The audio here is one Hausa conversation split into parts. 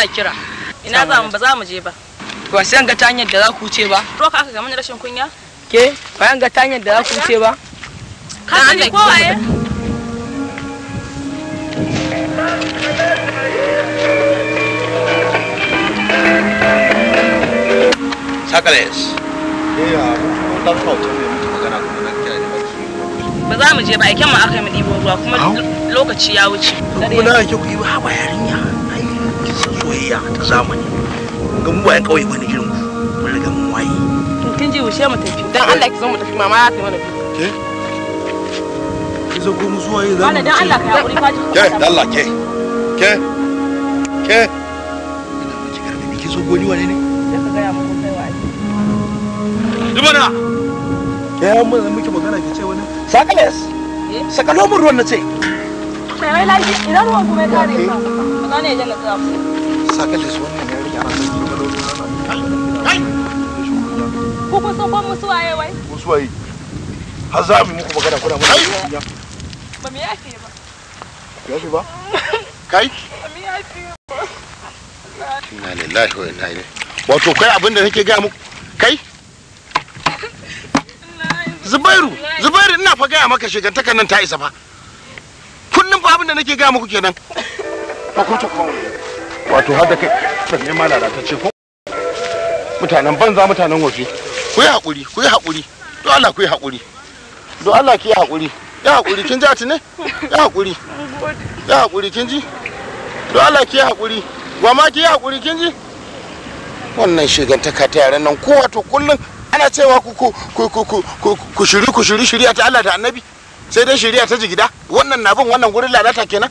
fara kira ina za mu ba za mu je ba To sai an ga ta hanyar da za ku ce ba to ka aka ga mun rashin kunya ke ba an ga ta hanyar da za ku ce ba ka ni kowaye Sakales. Eh, mun dan kawo ba za mu je ba aiken mu aka yi mu ɗibo ruwa kuma lokaci ya wuce. Kuma na ake ku ba ba yarinya. soyayya ta zamani ga mu bayan kawai bane irin ku mun riga mun waye in kin je wuce mu tafi dan Allah ki zo mu tafi mama ya ta mana ke ki zo mu zuwa yi zamani dan Allah ka hakuri ka ji ke dan Allah ke ke ke ina miki garbi ki zo goni wane ne ka ga ya mu kai wa Dubana ke mun muke magana ki ce wani sakales sakalo mun ruwan na ce mai mai lafi ina ruwan kuma ya kare ka magana ya janna ta sa wannan rike ana sarki ku kun musu waye wai musu waye har za mu muku magana kuna mana ba mu yafe ba yafe ba kai ba mu yafe ba inna lillahi wa inna ilaihi wato kai abin da nake ga muku kai Zubairu, Zubairu ina fa gaya maka shigantakan nan ta isa fa. Kullum fa abin da nake gaya muku kenan. ta wato har da kai ɗan ne ta ce ko mutanen banza mutanen waje ku yi hakuri ku yi hakuri don Allah ku yi hakuri. don Allah ki yi hakuri. ya hakuri kin ji ne ya hakuri. ya hakuri kin ji don Allah ki yi hakuri. wa ma ki yi hakuri kin ji wannan shigantaka ta yaran nan ko wato kullum ana cewa ku ku ku ku ku shiri ku shiri shiriya ta Allah da Annabi sai dai shiriya ta jigida wannan na bin wannan gurin lalata kenan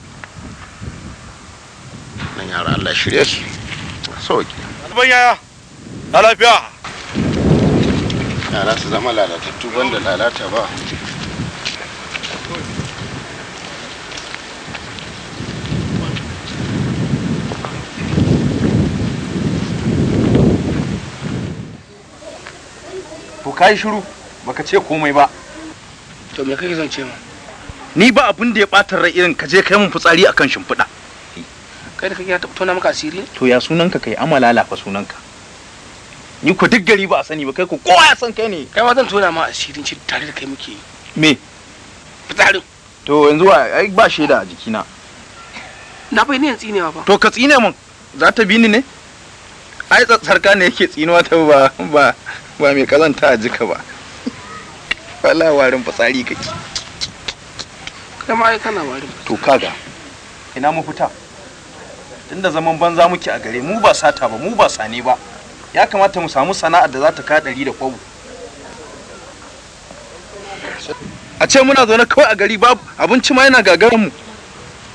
waɗannan yara Allah shirye su sauki ban yaya a lafiya yara su zama lalatattu banda lalata ba to kai shiru baka ce komai ba to me kake zance mu ni ba abin da ya ɓatar rai irin ka je kai mun fitsari akan shimfiɗa kai da kake ya tona maka asiri to ya sunanka kai amma fa sunanka ni ko duk gari ba a sani ba kai ko kowa ya san kai ne kai ma zan tona ma asirin shi tare da kai muke yi me fitarin to yanzu ai ba shaida a jikina na bai ne yan tsine ba to ka tsine mun za ta bi ni ne ai tsarka ne yake tsinuwa ta ba ba ba mai kazanta a jika ba wala warin fasari kake kai ma ai kana warin to kaga ina mu fita tunda zaman banza muke a gare mu ba sata ba mu ba sane ba ya kamata mu samu sana'ar da za ta kaɗari da kwabo a ce muna zaune kawai a gari babu abinci ma yana gagarin mu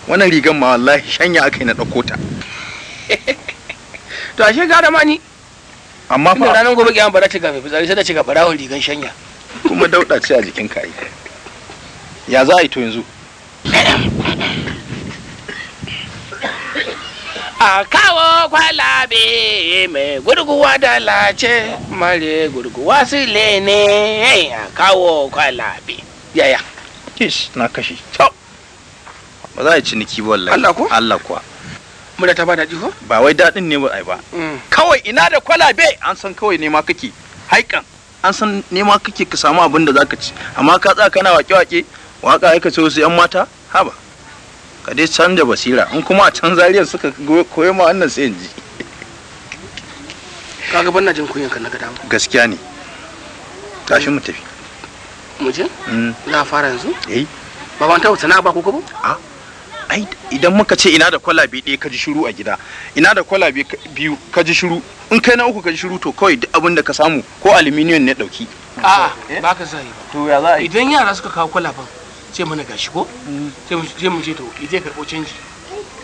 wannan rigan ma wallahi shanya aka yi na ɗauko ta to ashe gara ma ni amma fa ranar gobe kiyan ba za ta gafe fitsari sai da cika barawo barawon rigan shanya kuma dauɗa ce a jikin kai ya za a yi to yanzu a kawo kwalabe mai gurguwa da lace mare gurguwa su ne a kawo kwalabe yaya kish na kashi ba za a ciniki wallahi Allah ko Allah kuwa muna ta ba da jiho? ba wai daɗin ne ba ai ba mm. kawai ina da kwalabe an san kawai nema kake haikan an san nema kake ka samu abin da ka ci amma ka tsaka kana wake-wake waka aika so wasu yan mata haba ka dai canza basira in kuma a can zariyar suka koyi ma wannan sai in ji kaga ban na jin kunyan na gada gaskiya ne tashi mu tafi mu je mm. za a fara yanzu eh ba ban tawo sana'a ba ko ko a ai idan muka ce ina da kwalabe ɗaya ka ji shiru a gida ina da kwalabe biyu ka ji shiru in kai na uku ka ji shiru to kawai duk abin da ka samu ko aluminium ne dauki a'a eh? ba ka sai to ya za a idan yara suka kawo kwalaban ce mana gashi ko sai mu ce to ije karbo canji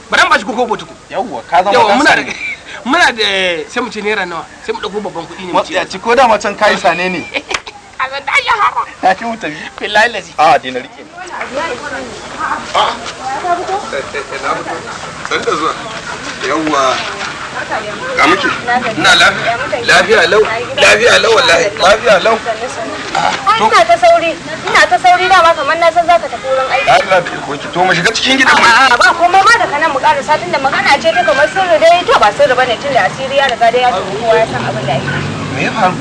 bari ba shi ko kobo tuku yawwa ka zama yawwa muna da muna da sai mu ce naira nawa sai mu dauko babban kuɗi ne mu ce ya ci ko da macan kai sane ne a a dina a ga muke ina lafiya lafiya lau lafiya lau wallahi lafiya lau ah, ina ta sauri ina ta sauri dama kamar na san zaka tafi wurin aiki Allah ta koki to mu shiga cikin gidan mu a ba komai ma daga nan mu ƙara satin da magana ce ta kamar sirri dai to ba sirri bane da asiri ya riga dai ya tafi kowa ya san abin da yake me ya faru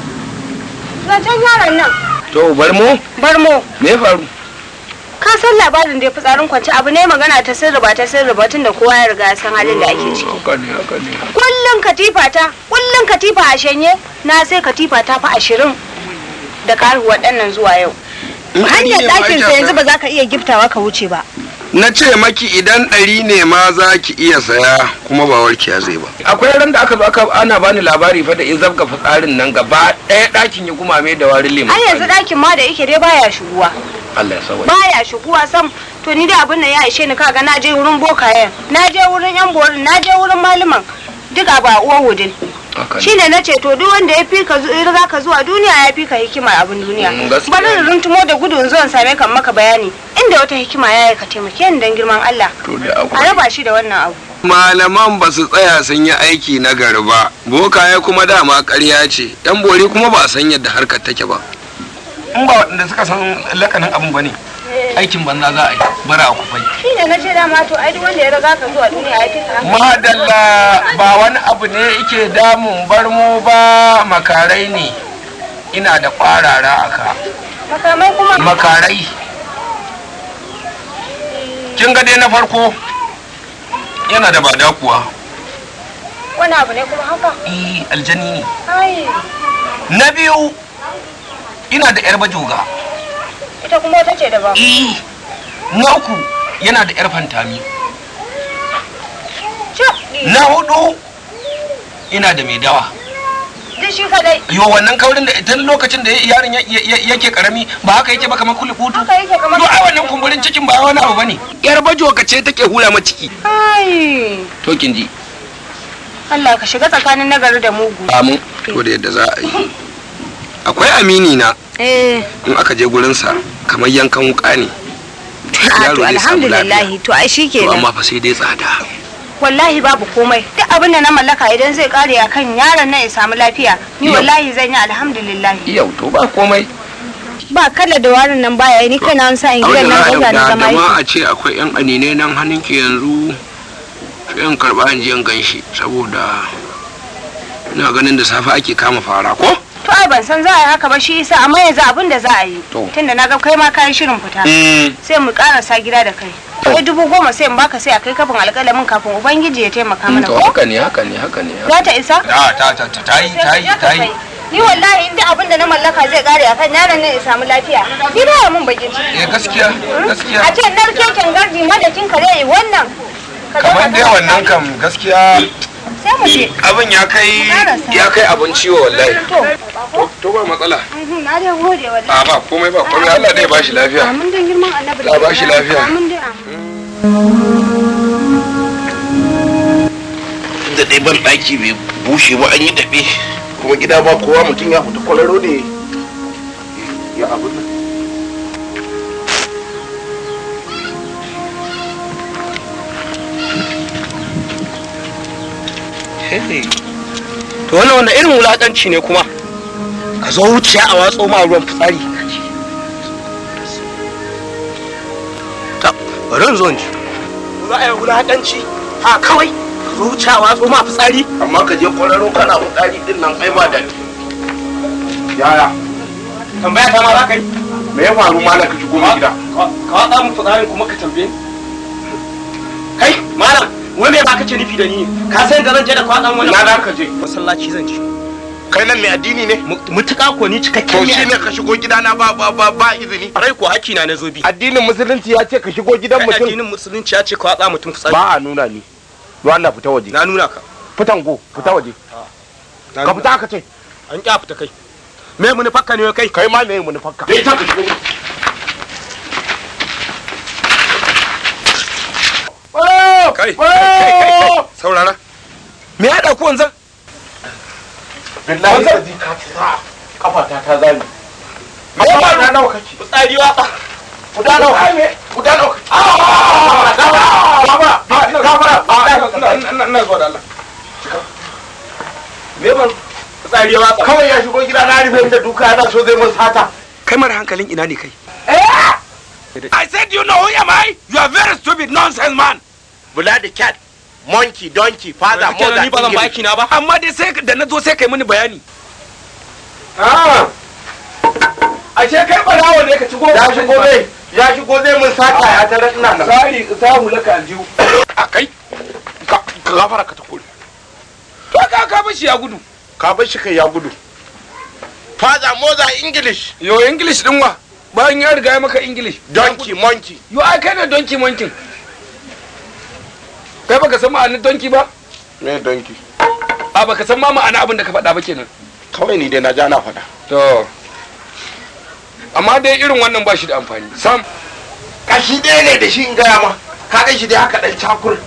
zancen yaron nan to bar mu bar mu me ya faru ka san labarin da ya fi tsarin kwanci abu ne magana ta sirri ba ta sirri ba tun da kowa ya riga san halin da ake ciki kullum katifa ta kullum katifa a shanye na sai katifa ta fa ashirin da karu waɗannan zuwa yau hanyar ɗakin sa yanzu ba za ka iya giftawa ka wuce ba na ce maki idan ɗari ne ma za ki iya saya kuma ba warkiya zai ba akwai ran da aka zo aka ana bani labari fa da in zabga fitsarin nan gaba ɗaya ɗakin ya gumame da warin lemu ai yanzu ɗakin ma da yake dai baya shigowa Allah ya sawa baya sam to ni da abin nan ya ishe ni kaga na je wurin bokaye, na je wurin yan borin na je wurin malaman duka ba uwan wudin shine na ce to duk wanda ya fi ka riga ka zuwa duniya ya fi ka hikima abin duniya mm, bari da runtumo da gudun zuwan same kan maka bayani inda wata hikima ya yi ka taimake ni dan girman Allah a raba shi da wannan abu malaman ba su tsaya sun yi aiki na gari ba bokaye kuma dama karya ce yan bori kuma ba san yadda harkar take ba in ba waɗanda suka san lakanin abin ba ne aikin banza za a yi bara a kufai shi ne na ce dama to ai duk wanda ya riga ka zuwa duniya ya kika hankali madalla ba wani abu ne yake damun bar mu ba makarai ne ina da kwarara a ka makamai kuma makarai kin ga dai na farko yana da bada kuwa wani abu ne kuma haka eh aljani ne ai na biyu ina da yar bajoga ita kuma wata ce da ba eh na uku yana da yar fantami na hudu ina da mai dawa duk shi kadai yo wannan kaurin da tun lokacin da yaron yake karami ba haka yake ba kamar kulubutu haka yake ai wannan kumburin cikin ba wani abu bane yar bajo ce take hula ma ciki ai to kin ji Allah ka shiga tsakanin nagari da mugu amin to da yadda za a yi akwai amini na eh. in aka je gurinsa kamar yankan wuka ne yaro zai samu lafiya to ai shikenan to amma fa sai dai tsada wallahi babu komai duk abin da na mallaka idan zai kare a kan yaron nan ya samu lafiya ni wallahi zan yi alhamdulillah yau to ba komai ba kala da warin nan baya ni kai na sa in gidan nan gaza na zama da a ce akwai yan anine nan hannun ki yanzu yan karba an je ganshi saboda ina ganin da safe ake kama fara ko to ai ban san za a yi haka ba shi isa amma yanzu abin da za a yi tunda na ga kai ma kayan shirin fita mm. sai mu karasa gida da kai kai dubu goma sai in baka sai a kai kafin alƙalamin kafin ubangiji ya taimaka mana to haka ne haka ne haka ne za ta isa ta ta ta ta yi ta yi ta yi ni wallahi inda abin da na mallaka zai kare a kan yaran nan ya samu lafiya ni ba mun bakin ciki eh gaskiya hmm? gaskiya a ce narkekin gardi madakin kare wannan kamar dai wannan kam gaskiya abin ya kai ya kai abin ciwo wallahi to ba matsala mhm, na dai ba komai ba komai Allah dai ba lafiya amin lafiya da dai ban bai bushe ba an yi kuma gida ba kowa mutum ya fita ne ya abin nan ne to wannan wanda irin wulaƙanci ne kuma ka zo wuciya a watso ma ruwan fitsari ta bari in zo in ji za a yi wulaƙanci ha kawai ka zo wuciya a watso ma fitsari amma ka je kwararo kana fitsari din nan ai ba da yaya tambaya ta ma za ka yi me ya faru malam ka shigo gida ka watsa mu fitsari kuma ka tambaye kai malam wai me ba kake nufi da ni ka san da je da kwaɗan wani na ka je masallaci zan ci. kai nan mai addini ne mutuka ko ni cikakken ne to shine ka shigo gidana ba ba ba ba izini rai ko haki na nazo bi addinin musulunci ya ce ka shigo gidan mutum addinin musulunci ya ce ka hatsa mutum fitsari ba a nuna ni don Allah fita waje na nuna ka fitan go fita waje ah. ka fita ka ce an kya fita kai me munufakka ne kai kai ma me munufakka dai ta ka shigo Oh! kai saurara me ya dauko wanzan billahi kafa ta ta zami a kawai ya gida na da duka na zai kai ina ne kai eh! I said, you know who am I? You are very stupid nonsense man. bula da cat monkey donkey father mother ni ba zan baki na ba amma dai sai da na zo sai kai mini bayani ah ashe kai dawo ne ka ci gobe ya shigo zai ya shigo gobe mun sata ya tarar ina nan sai samu laka aljihu a kai ka gafara ka ta kore to ka ka bashi ya gudu ka bashi kai ya gudu father mother english yo english din wa bayan ya riga ya maka english donkey monkey yo ai kai ne donkey monkey kai baka san ma'anin donki ba me donki a baka san ma ma'ana abin da ka faɗa ba kenan kawai ni dai na ja na faɗa to amma dai irin wannan ba shi da amfani sam kashi ɗaya ne da shi in gaya ma ka gan shi dai haka ɗan cakur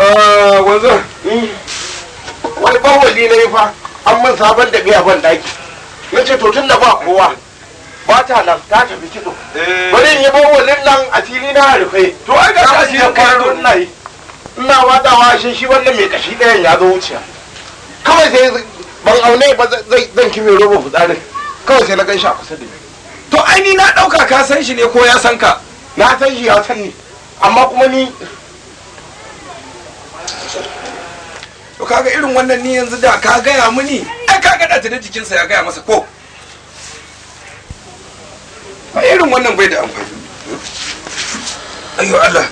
ah, wanzu hmm. wani bawali na yi fa an man sabon da biya ban daki na ce to tun da ba kowa ba ta nan ta tafi kido eh. bari in yi bawalin nan a fili na rufe to ai ga shi a fili na yi ina wadawa ashe shi wannan mai kashi ɗayan ya zo wuciya kawai sai ban aune ba zan kime roba fitsarin kawai sai na gan shi a kusa da ni to ai ni na ɗauka ka san shi ne ko ya san ka na san shi ya san ni amma kuma ni to kaga irin wannan ni yanzu da ka gaya mini ai ka gada ta da jikinsa ya gaya masa ko a irin wannan bai da amfani ayyo Allah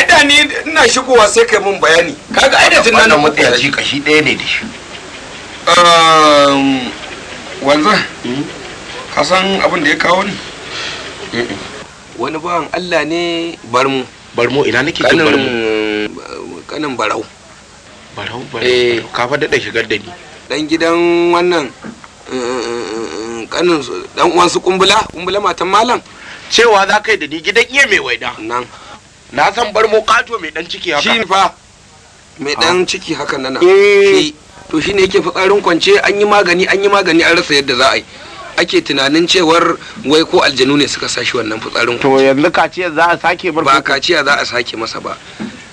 ai da ni ina shigowa sai kai mun bayani kaga ai da tunanin nan matsayaci kashi ɗaya ne da shi ehm, wanzan hmm? ka san abin da ya kawo ni wani bawan Allah ne barmu barmu ina nake jin barmu eh, kanin barau barau barau eh. ka fa daɗa shigar da ni dan gidan wannan eh, kanin dan uwan su kumbula kumbula matan malam cewa za kai da ni gidan iya mai waida nan na san bar mu kato mai dan ciki haka shi fa mai dan ah. ciki haka nana eh. shi to shine yake fitsarin kwance an yi magani an yi magani an rasa yadda za a yi ake tunanin cewar wai ko aljanu ne suka sashi wannan fitsarin to yanzu kaciya za a sake bar ba kaciya za a sake masa ba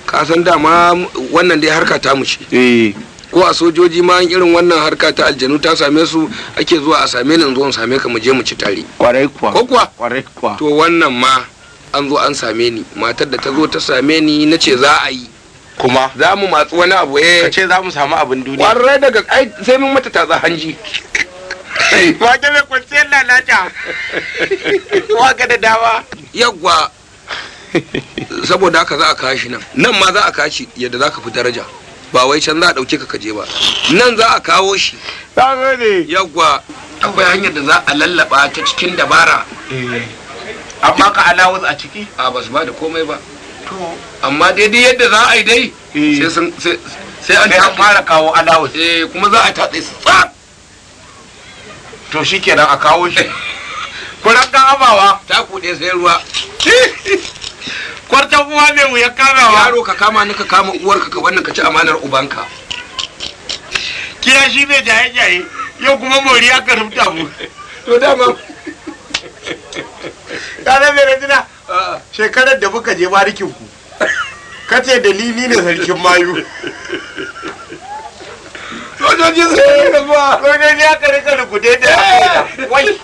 ka san dama wannan dai harka ta mu ce eh. ko a sojoji ma irin wannan harka ta aljanu ta same su ake zuwa a same ni in zo in same ka mu je mu ci tare kwarai kuwa ko kuwa kwarai kuwa to wannan ma an zo an same ni matar da ta zo ta same ni na ce za a yi kuma za mu matsu wani abu ya eh. ka ce za mu samu abin duniya kwarai daga ai sai mun mata tatsa hanji ba ta mai kwanciyar lalata wa ga da dama yagwa saboda haka za a kashi nan nan ma za a kashi yadda za ka fi daraja ba wai can za a ɗauke ka kaje ba nan za a kawo shi yagwa akwai hanyar da za a lallaba ta cikin dabara eh. amma ka alawus a ciki a ba su ba da komai ba to amma daidai yadda za a yi dai eh. sai an ta fara kawo alawus eh kuma za a ta tsaye tsaf to shikenan a kawo shi kuran kan abawa. ta kuɗe sai ruwa kwartan uwa mai wuyar kamawa yaro ka kama ni ka kama uwar ka wannan ka ci amanar ubanka kira shi mai jaye-jaye yau kuma moriya ka rubuta mu to dama ka san rajina shekarar da muka je barikin ku kace dalili ne sarkin mayu sojoji su yi da zuwa sojoji ya kare kare gude da eh. wai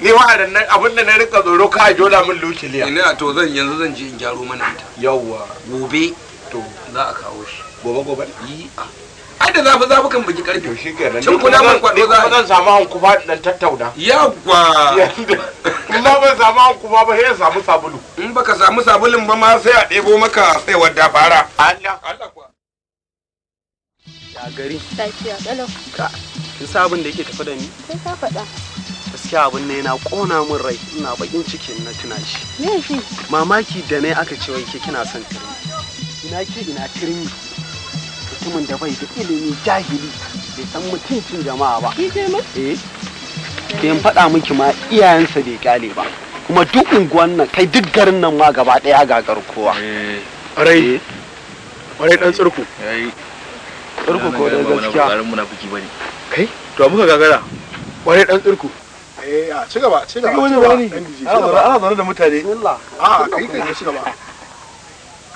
ni wa'adan nan abin da na rika tsoro ka jona min lukiliya ina to zan yanzu zan je in gyaro mana ita yawwa gobe to za a kawo shi gobe gobe yi a da zafi zafi kan baki karfe shi nan cin kuna man kwado za zan samu hankufa dan tattauna yawa kuma ban samu hankufa ba sai samu sabulu in baka samu sabulun ba ma sai a ɗebo maka tsayawar dabara. fara Allah Allah kuwa ya gari lafiya kalau ka kin sa abin da yake tafi da ni sai ka faɗa gaskiya abin ne na kona min rai ina bakin ciki na tuna shi mamaki da ne aka ce wai ke kina son turmi ina ke ina turmi mutumin da bai da ilimi jahili bai san mutuncin jama'a ba eh in faɗa miki ma iyayensa bai kyale ba kuma duk unguwan nan kai duk garin nan ma gaba ɗaya gagar kowa eh, ƙwarai eh. ƙwarai ɗan tsirku Tsurku ko da gaskiya ƙwarai munafiki bane kai to muka gagara ƙwarai ɗan tsurku. eh a ci gaba ci gaba ana zaune da mutane A'a, ah, kai kai ci gaba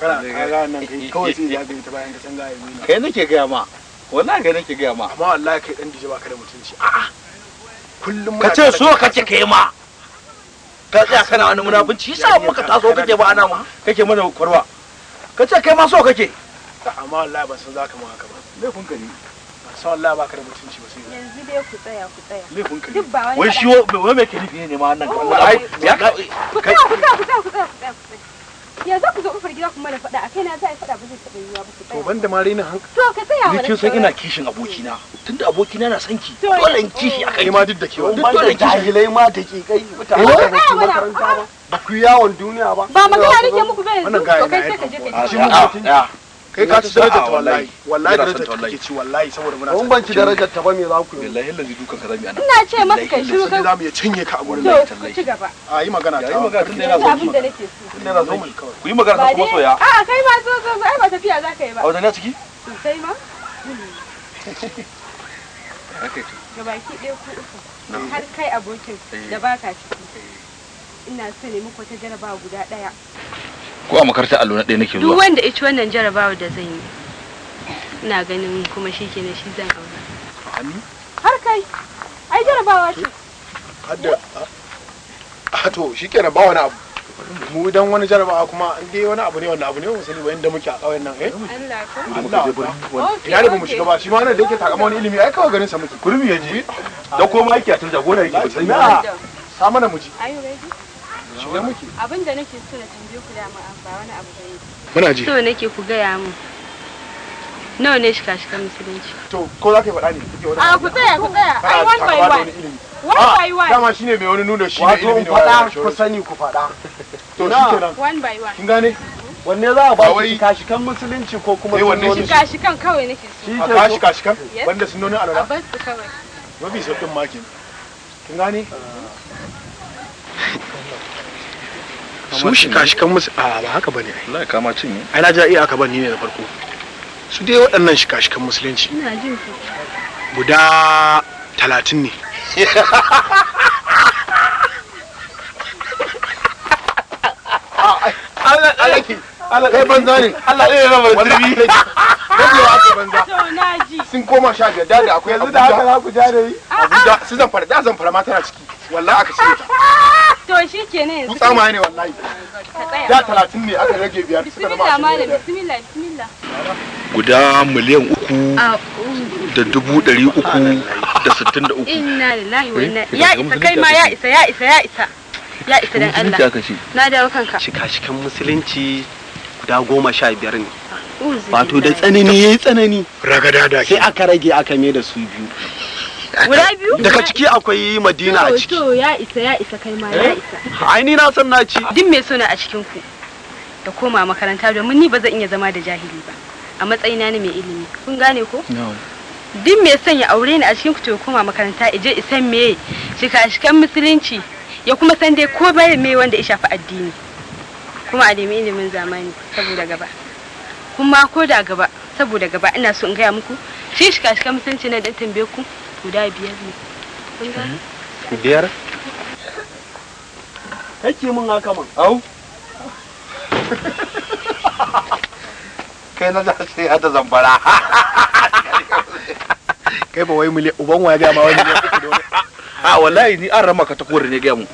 kana eh. kaga nan kai kawai sai ya bayan ka san ga kai nake ma wallahi kai nake ga ma amma wallahi kai dan dije baka da mutunci kullum ka ce so kake kai ma ka kana wani munafunci taso kake ba ana kake mana ka ce kai ma so kake amma wallahi ban san zaka haka ba laifin ka ne san baka da mutunci ba sai yanzu dai ku tsaya ku tsaya laifin ka wai shi wai me ke nufi ne ma wannan oh, ka ku tsaya ku tsaya ku tsaya ku tsaya ya za ku zo in fargida kuma da faɗa a kai na za a faɗa ba zai taɓa yiwuwa ba ku tsaya to ban da ma rainin hankali to ka tsaya wa kin san ina kishin abokina tunda abokina na san ki dole in eh. kishi akan ma duk da kewa duk dole jahilai ma da ke kai mutane da su makaranta ba ba ku yawon duniya ba ba magana nake muku bai yanzu to kai sai ka je ka ji kai ka ci darajar ta wallahi wallahi darajar ta kake ci wallahi saboda muna mun banci darajar ta ba me za ku yi wallahi ka ana ina ce maka kai shiru kai zamu ya cinye ka a gurin nan ci gaba a yi magana ta yi magana tunda yana nake so tunda yana ku yi magana ta kuma soya a a kai ma zo zo ai ba tafiya za ka yi ba a wajen ya ciki sosai ma akai gabaki ɗaya ku uku har kai abokin eh. da ka ciki ina so ne muku ta jarabawa guda ɗaya ko a makarta allo na ɗaya nake zuwa duk wanda ya ci wannan jarabawa da zan yi ina ganin kuma shi kenan shi zan aura har kai ai jarabawa ce hadda a ah, to shi kenan ba wani abu mu dan wani jarabawa kuma an dai wani abu ne wani abu ne mu sani ba da muke a ƙauyen nan eh Allah ka Allah ya da mu shiga ba shi ma nan da yake takama wani ilimi ai kawai ganin sa muke kurmi yaji da koma yake a tarja gona yake ba sai na sa mana mu ji are you ready shiga muke abin da nake so na tambaye ku da mu ba wani abu bane muna ji so nake ku gaya mu nawa ne shi kashi kan musulunci to ko za ka faɗa ne a ah, ku tsaya ku tsaya ai one by one one ah, by one dama shine mai wani nuna shi ne wato faɗa ku sani ku faɗa to one by one kin gane wanne za a ba shi musulunci ko kuma eh, sunoni kashikan kawai nake so a kashi kashikan banda sunonin alwala a bar su kawai mafi sauƙin makin kin gane ah. su shi shikan musu a ba haka bane ai Allah ya kama cin ne ai na ja iya aka ban ni ne da farko su dai waɗannan shi shikan musulunci ina jin ku guda talatin ne Allah alaki Allah kai banza ne Allah ne raba zubi Rabewa aka banza. Sun koma sha biyar da da akwai yanzu da haka za ku ja da yi. Abuja su zan fara da zan fara ma tana ciki. Wallahi aka ce ta. To shi ke ne yanzu. Tsama ne wallahi. Da talatin ne aka rage biyar suka zama malam bismillah bismillah. Guda miliyan uku da dubu ɗari uku da sittin da uku. Inna lillahi wa eh, inna ya isa kai ma ya isa ya isa ya isa. Ya isa dan Allah. Na dawo kanka. Shika-shikan musulunci guda goma sha biyar ne. Wato da tsanani ya yi tsanani. Sai aka rage aka mai da su biyu. guda biyu daga ciki akwai madina a ciki ya isa ya isa kai ma ya eh? isa aini na san na ci me mai sona a cikin ku da koma makaranta domin ni ba zan iya zama da jahili ba a matsayina ne mai ilimi kun gane ko din me son ya aure ni a cikin ku to koma makaranta ije isan me shika-shikan musulunci ya kuma san dai ko bai me wanda ya shafi addini kuma a nemi ilimin zamani saboda gaba kuma ko da gaba saboda gaba ina so in gaya muku shi shika-shikan musulunci na dan tambaye ku guda biyar ne hmm. biyar kake mun haka man au kai na da sai hada zambara kai ba wai miliyan uban waya ga ma wani ne. a ah, wallahi ni an rama ka ta kore ne ga mu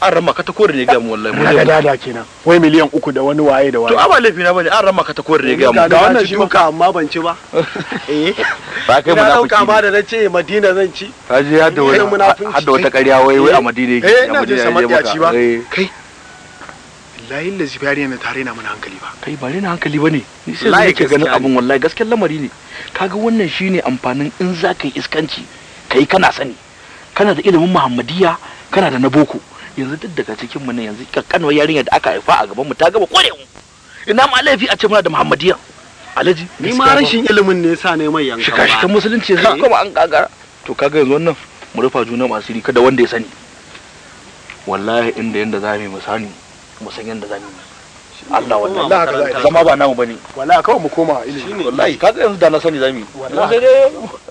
an rama ka ta kore ne ga wallahi mu da dada kenan wai miliyan uku da wani waye da waye to aba laifi na bane an rama ka ta kore ne ga wannan shi muka amma ban ci ba eh ba kai munafiki na ka ba da nace Madina zan ci je ya da wani har da wata ƙarya wai wai a Madina yake eh, a madina je sama ya ci ba eh. kai wallahi lazi zibari na tare na mana hankali ba kai bare na hankali bane ni sai zai ke ganin abun wallahi gaskiyar lamari ne kaga wannan shine amfanin in za ka yi iskanci kai kana sani kana da ilimin muhammadiya kana da na boko yanzu duk daga cikin mu ne yanzu kakkanwar yarinyar da aka haifa a gaban mu ta gaba kore mu ina ma laifi a ce muna da muhammadiya alhaji ni ma rashin ilimin ne yasa ne mai yanka shika shikan musulunci yanzu kuma an gagara to kaga yanzu wannan mu rufa juna masu asiri kada wanda ya sani wallahi inda yanda za mu yi mu sani mu san yanda za mu yi Allah wallahi Allah haka zama ba namu bane wallahi kawai mu koma ilimi wallahi kaga yanzu da na sani zamu wallahi sai dai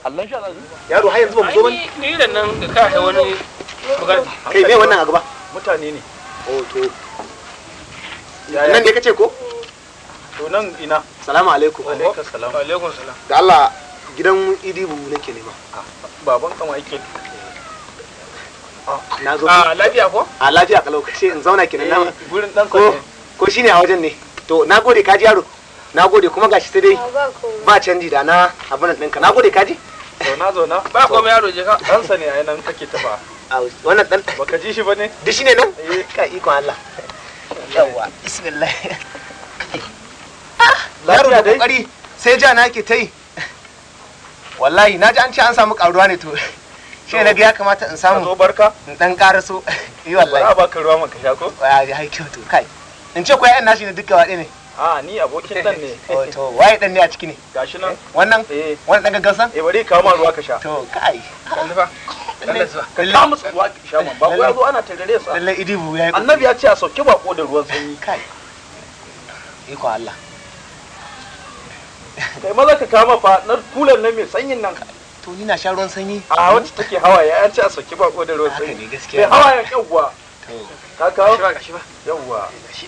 Allah insha Allah yaro har yanzu ba mu zo bane ni da nan ka kai wani kai me wannan a gaba mutane ne ok nan ne kace ko to nan ina salamu alaikum alaikum salam alaikum salam da Allah gidan idibu nake nema ah, baban kan yake ah, na zo a ah, lafiya ko a lafiya kalau kace in zauna kenan na eh, gurin dan ko ko shine a wajen ne to nagode kaji yaro nagode kuma gashi sai dai ba canji da na abin nan ɗinka nagode kaji to na zo na ba komai yaro je ka ɗansa ne a nan kake tafa wannan dan baka ji shi bane duk shine nan eh. ka ikon Allah yawa bismillah ah, yaro da kokari sai ja na ke tai wallahi na ji an ce an samu karuwa ne to shi na biya kamata in samu zo barka in dan karaso yi eh, wallahi ba ka ruwa maka sha ko ai ai kyau to kai in ce ko ƴaƴan nashi ne duka waɗe ne a ni abokin dan ne oh, to waye dan ne a ciki ne gashi nan eh, wannan eh. wannan dan gaggasan eh bari kawo ma ruwa ka sha to kai kalli fa ka musu ruwa ka sha ba ko yazo ana tarare su lalle idibu yayi annabi ya ce a sauke bako da ruwan sanyi kai iko Allah kai maza ka kama fa na kulan nan mai sanyin nan to ni na sha ruwan sanyi a wacce take hawaye an ce a sauke bako da ruwan sanyi ne gaskiya hawaye yawwa to ka kawo shi ba yawwa shi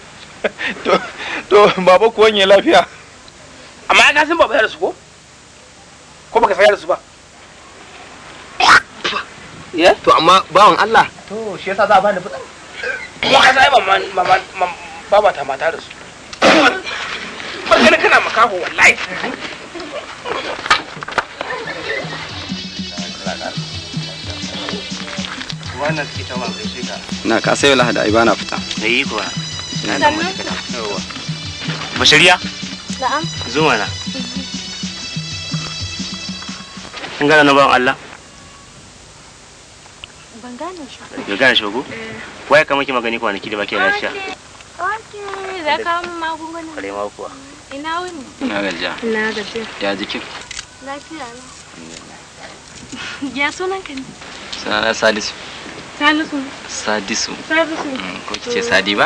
to to baba kuwa ne lafiya amma ka san baba ya rasu ko ko baka san ya rasu ba ya eh? to amma bawan Allah to shi yasa za a bani fada kuma ka sai mama mama baba ta mata rasu magana kana makaho wallahi wannan suke ma gaishe ka na ka sai wala da bana fita eh kuwa Bashariya? Na'am. Zo mana. Kun gana na bawan Allah? Ban gane shi. Ban gane shi ko? Eh. Waye kama maki magani kwanaki da baki lafiya? ok za ka mu magungunan Kare ma kuwa. Ina wuni? Ina gajiya. Ina gajiya. Ya jikin? Lafiya na. Ya sunan ka ne? Sunana Salisu. Salisu. Sadisu. Sadisu. Mm, ko kice Sadi ba?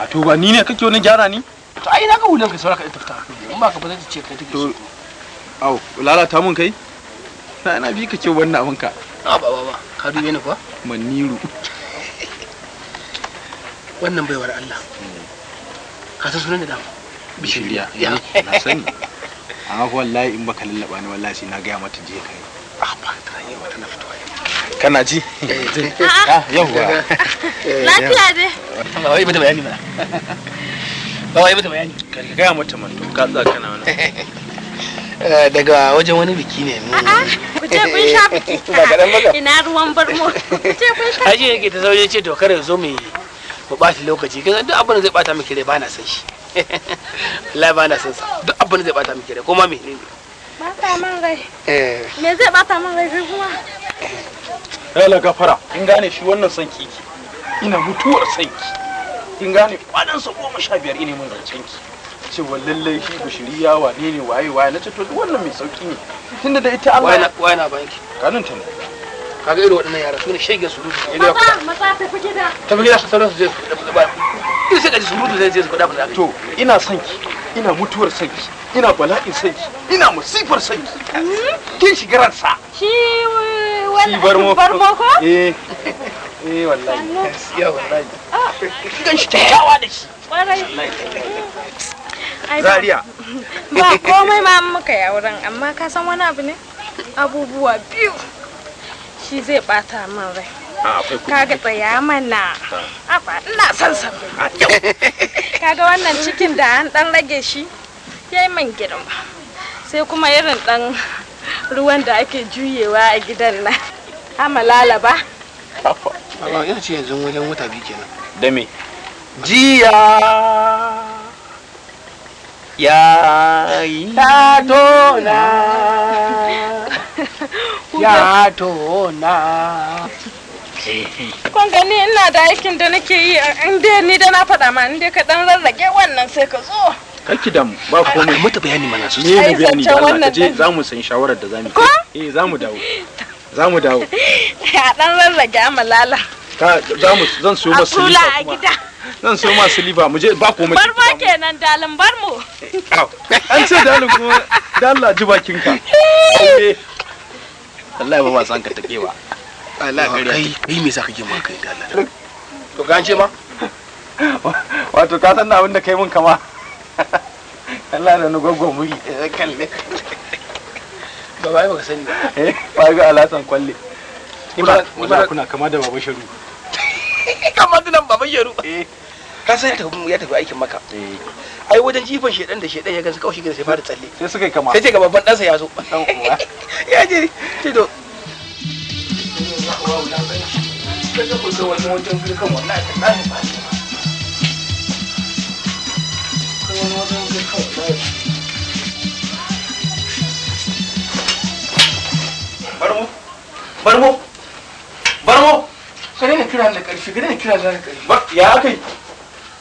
a to ba ni ne kake wani gyara ni to ai na ga wulan kai sauraka ita fita in ba ka ba zai ce kai take so au lalata mun kai na ina bi ka ce wannan abin ka a ba ba ba ka dube ni kuwa maniru wannan baiwar Allah ka san sunan da dama bishiriya eh, na sani amma wallahi in baka lallaba ni wallahi sai na ga mata je kai a ba ta rayuwa na fitowa kana ji ah, yawwa lafiya ne ba wai mata bayani ba wai mata bayani ka gaya mata man to ka tsaka wani eh, daga wajen wani biki ne kun sha biki ba kadan ba ina ruwan barmo kun sha aje yake ta sauje ce to kare zo mu mu lokaci kin duk abin da zai miki rai ba na san shi wallahi ba na san sa duk abin da zai miki rai ko ma ba ta man rai eh. me zai man rai kuma Lala gafara, in gane shi wannan son kiki, ina mutuwar son ki, in gane kwanansa goma sha biyar ina mun can ki. ce lallai shi bishiri ya wane ne waye waye na ce to wannan mai sauki ne. Tunda da ita Allah. Waye na banki. Kanin ta ne. ga irin waɗannan yara su ne shege su Ina Maza, maza ta fi gida. Ta fi gida su sauran su je su kuɗa ba. sai ka ji su rutu zai je su kuɗa ba. To, ina son ki, ina mutuwar son ki. ina bala'in san ina musifar san hmm? kin shiga ransa shi uh, wannan barmo barmo ko eh eh wallahi gaskiya wallahi ah. kin shi kyakkyawa da shi wallahi Zaria ba komai ma muka ya wurin amma ka san wani abu ne abubuwa biyu shi zai bata min rai ah, kaga tsaya mana ah. a ina son sa kaga wannan cikin da an dan rage shi ya yi man girma sai kuma irin ɗan ruwan da ake juyewa a gidan nan ama lalaba Baba ya ce yanzu wajen wuta biyu kenan da me jiya ya yi ta tona ya tona kun gani ina da aikin da nake yi in dai ni da na faɗa ma in dai ka dan rarrage wannan sai ka zo kaki damu ba komai mata bayani mana su ne bayani da Allah kaje za mu san shawarar da za mu eh za mu dawo za mu dawo ya dan rarrage amalala ta za mu zan so ma su a gida zan so su liba mu je ba komai bar ma kenan dalin bar mu an ce dalin kuma dalla ji bakin ka wallahi ba ba san ka takewa Allah kare kai kai me zaka gima kai dalla to ganje ma wato ka san abin da kai mun kama Allah da ni gwaggon muri da kalle ba ba baka sani ba eh ba ga alasan kwalle kuna kuna kama da baba sharu kama da nan baba sharu eh ka san ya tafi aikin maka eh. ai wajen jifan shedan da shedan ya gansu kawai shi sai fara tsalle sai suka yi kama sai ce ga babban ɗansa ya zo ya je ce to wannan wajen ba. 我这是口袋。Barmo? Barmo? Ka daina kira da ƙarfi, ka daina kira da ƙarfi. Ya aka yi?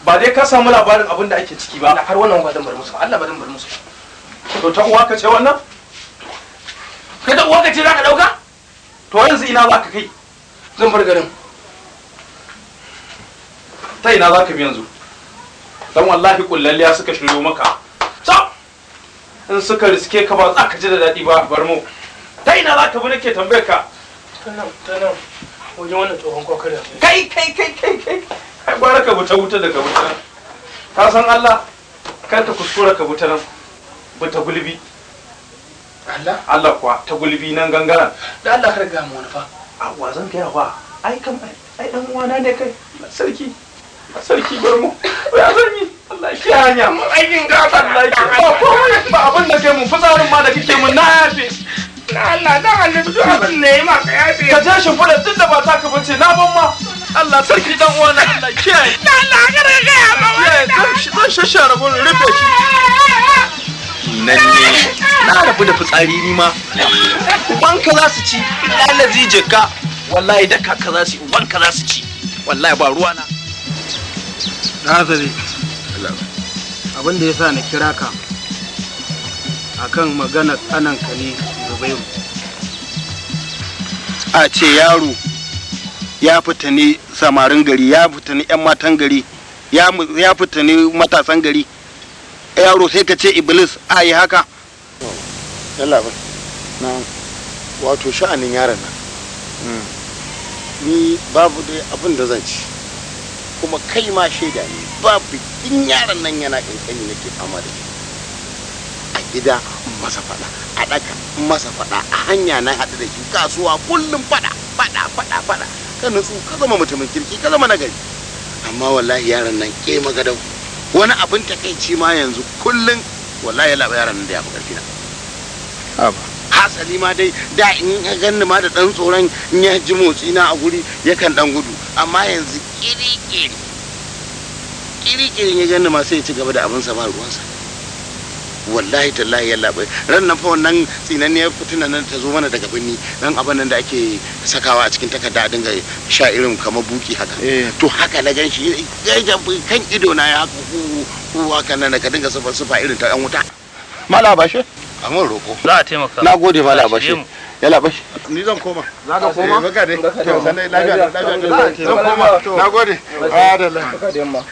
Ba dai ka samu labarin abin da ake ciki ba. Har wannan ba dan bar musu, Allah ba dan bar musu. To ta uwa ka ce wannan? Kai ta uwa ka ce za ka ɗauka? To yanzu ina za ka kai? Zan bar garin. Ta ina za ka bi yanzu? dan wallahi kullalliya suka shiryo maka so in suka riske ka ba za ka ji da daɗi ba bar mu ta ina za ka bi nake tambayar ka kai kai kai kai kai kai gwara ka buta wuta daga wuta ka san Allah kar ka kuskura ka buta nan buta gulbi Allah Allah kuwa ta gulbi nan gangaren da Allah kar ga mu wani fa a wa zan kai wa ai kan ai dan uwana ne kai sarki sarki bar mu ya zan yi laki hanya mun aikin gafar laki ba komai ba abin da kai mun fitsarin ma da kike mun na yafe na Allah dan annabi duk abin ne ma ka yafe ka tashi fura duk da ba ka bace na ban ma Allah sarki dan uwana Allah kiyaye dan Allah ka rage ya ba wani zan shashara gurin rufe shi nan ne na rabu da fitsari ni ma ubanka za su ci lalazi jikka wallahi da kaka za su ubanka za su ci wallahi ba ruwa na Islam abin da ya sa na kira ka a kan magana tsananka ne zubairu a ce yaro ya fita ne samarin gari ya fita ne 'yan matan gari ya fita ne matasan gari yaro sai ka ce iblis a yi haka yalla ba na wato sha'anin yaran nan hmm. ni babu dai abin da zan ci kuma kai ma shaida ne babu tun yaran nan yana kankani nake fama da a gida masa fada a daka masa fada a hanya na haɗu da shi kasuwa kullum fada fada fada fada ka nutsu ka zama mutumin kirki ka zama nagari amma wallahi yaran nan ke magadau wani abin takaici ma yanzu kullum wallahi ya yaran nan da ya fi ƙarfi na hasali ma dai da in ya ganni ma da ɗan tsoron in ya ji motsi na a guri yakan ɗan gudu amma yanzu kiri kiri kiri-kirin ya gani masu ya ci gaba da abin sa ruwansa wallahi tallahi yalla bai ran nan fa wannan ya fitina nan ta zo mana daga binni nan abin nan da ake sakawa a cikin takarda a dinga sha irin kamar buki haka eh. to haka na gan shi kan ido na ya haka ku haka nan ka dinga sufa sufa irin ta yan wuta mala bashe amma roko za a taimaka na gode mala bashe yala bashi ni zan koma za ka koma eh, baka dai to sanai lafiya lafiya zan koma na gode adala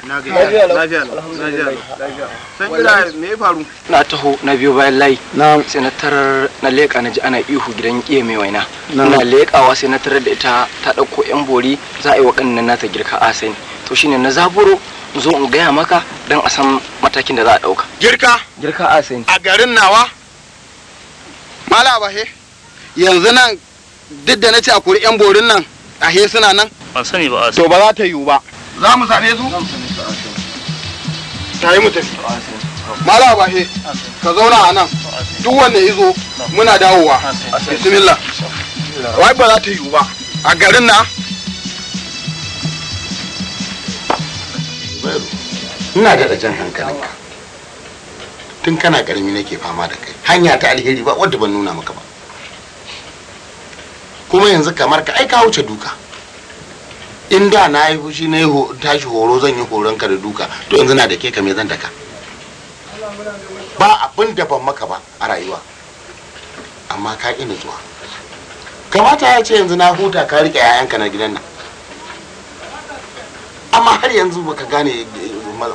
lafiya lafiya lafiya san ila me ya faru na taho na biyo bayan layi na sai na tarar na leka na ji ana ihu gidan iya mai waina na lekawa sai na tarar da ita ta dauko yan bori za a yi wa kannan nata girka asani to shine na zaburo zo in gaya maka dan a san matakin da za a dauka girka girka asani a garin nawa mala bahe yanzu nan duk da na ce a kuri yan borin nan a he suna nan to ba za ta yiwu ba za mu same su ta yi mu tafi mala ba he ka zauna a nan duk wanda izo muna dawowa bismillah wai ba za ta yiwu ba a garin na ina da jan hankalinka tun kana garmi nake fama da kai hanya ta alheri ba wadda ban nuna maka ba kuma yanzu kamar ka aika wuce duka in da na yi fushi na tashi horo zan yi horon ka da duka to yanzu na da ke me zan daka ba abin da ban maka ba a rayuwa amma ka ƙi zuwa. kamata ya ce yanzu na huta ka yayan 'ya'yanka na gidan nan amma har yanzu baka gane eh,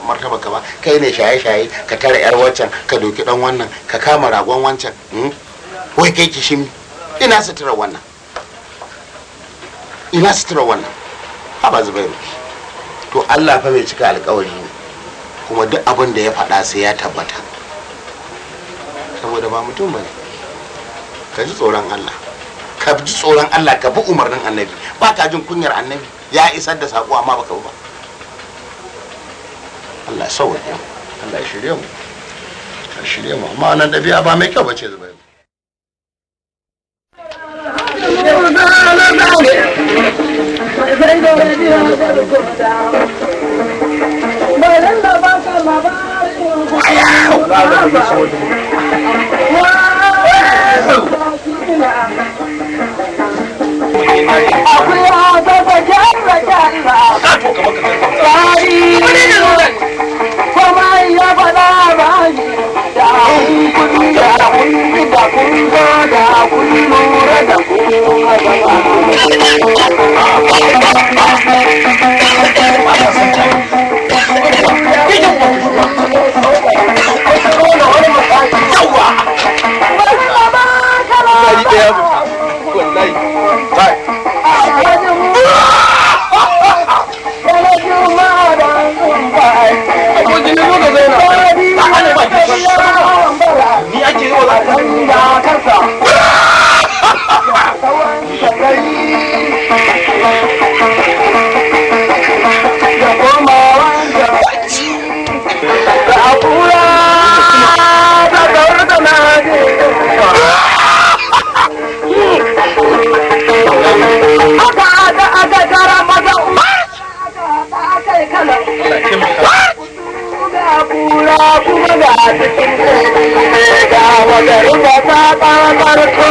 martaba ka ba kai ne shaye-shaye ka tara 'yar wancan ka doki dan wannan ka kama ragon wancan hmm? wai kai kishimi ina sutura wannan ina sutura wannan ha ba zubairu to allah fa mai cika alkawari ne kuma duk abin da ya faɗa sai ya tabbata saboda ba mutum ba ne ka ji tsoron allah ka ji tsoron allah ka bi umarnin annabi ba ka jin kunyar annabi ya isar da saƙo amma baka bi ba allah ya sauwaƙe allah ya shirye mu ka shirye mu amma wannan ɗabi'a ba mai kyau ba ce zubairu Bayan da baka labarin Akuya ta ta jarra jarra. Tari. kai ya faɗa ba da kun kun da kun da kun zo da kun lura da kun Yeah. ka da ita ta farko.